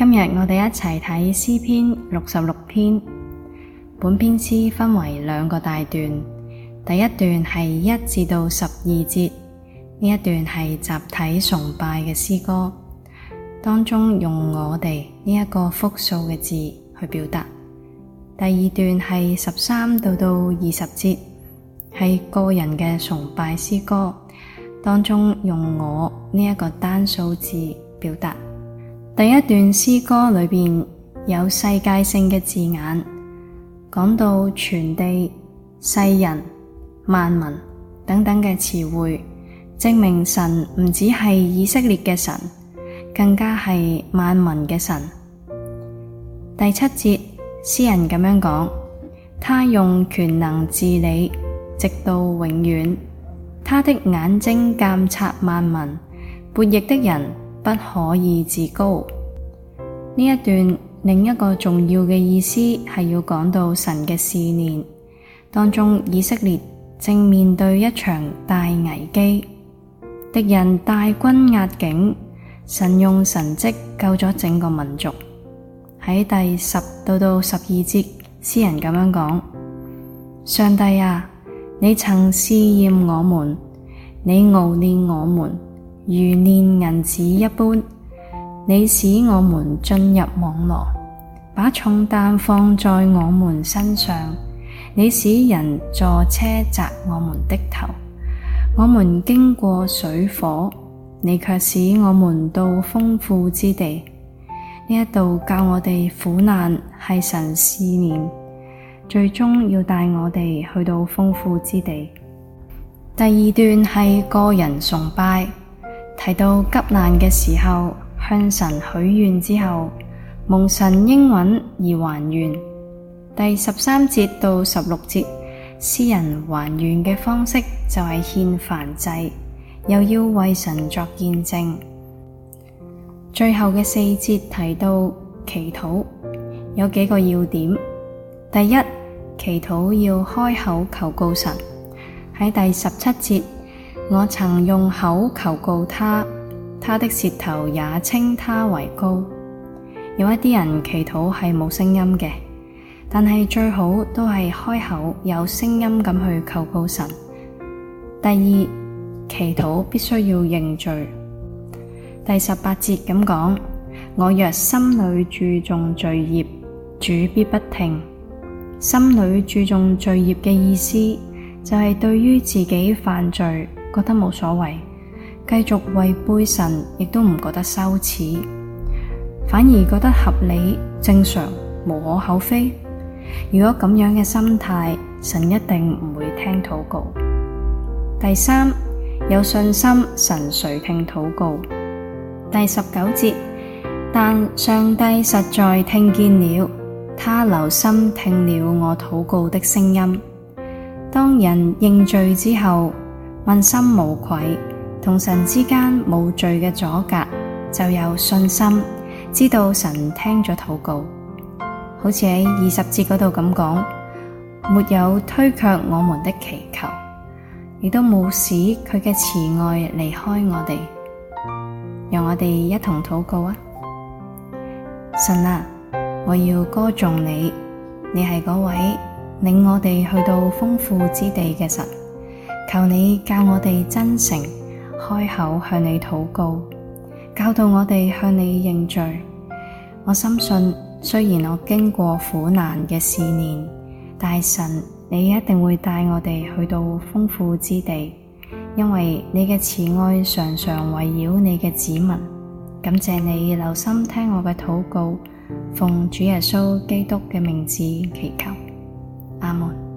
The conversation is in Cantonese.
今日我哋一齊睇詩篇六十六篇。本篇詩分為兩個大段，第一段係一至到十二節，呢一段係集體崇拜嘅詩歌，當中用我哋呢一個複數嘅字去表達。第二段係十三到到二十節，係個人嘅崇拜詩歌，當中用我呢一個單數字表達。第一段詩歌裏邊有世界性嘅字眼，講到全地、世人、萬民等等嘅詞彙，證明神唔只係以色列嘅神，更加係萬民嘅神。第七節詩人咁樣講，他用權能治理，直到永遠。他的眼睛鑒察萬民，悖逆的人。不可以自高。呢一段另一個重要嘅意思係要講到神嘅試煉。當中以色列正面對一場大危機，敵人大軍壓境，神用神蹟救咗整個民族。喺第十到到十二節，詩人咁樣講：上帝啊，你曾試驗我們，你熬煉我們。如煉銀子一般，你使我們進入網羅，把重擔放在我們身上。你使人坐車砸我們的頭，我們經過水火，你卻使我們到豐富之地。呢一度教我哋苦難係神試煉，最終要帶我哋去到豐富之地。第二段係個人崇拜。提到急難嘅時候，向神許願之後，蒙神應允而還願。第十三節到十六節，詩人還願嘅方式就係獻燔祭，又要為神作見證。最後嘅四節提到祈禱，有幾個要點：第一，祈禱要開口求告神。喺第十七節。我曾用口求告他，他的舌頭也稱他為高。有一啲人祈禱係冇聲音嘅，但係最好都係開口有聲音咁去求告神。第二，祈禱必須要認罪。第十八節咁講，我若心裏注重罪孽，主必不聽。心裏注重罪孽嘅意思就係對於自己犯罪。覺得冇所謂，繼續違背神，亦都唔覺得羞恥，反而覺得合理、正常、無可厚非。如果咁樣嘅心態，神一定唔會聽禱告。第三，有信心，神垂聽禱告。第十九節，但上帝實在聽見了，他留心聽了我禱告的聲音。當人認罪之後。問心無愧，同神之間無罪嘅阻隔，就有信心，知道神聽咗禱告，好似喺二十節嗰度咁講，沒有推卻我們的祈求，亦都冇使佢嘅慈愛離開我哋，讓我哋一同禱告啊！神啊，我要歌頌你，你係嗰位領我哋去到豐富之地嘅神。求你教我哋真誠開口向你禱告，教導我哋向你認罪。我深信，雖然我經過苦難嘅試煉，但神，你一定會帶我哋去到豐富之地，因為你嘅慈愛常常圍繞你嘅子民。感謝你留心聽我嘅禱告，奉主耶穌基督嘅名字祈求，阿門。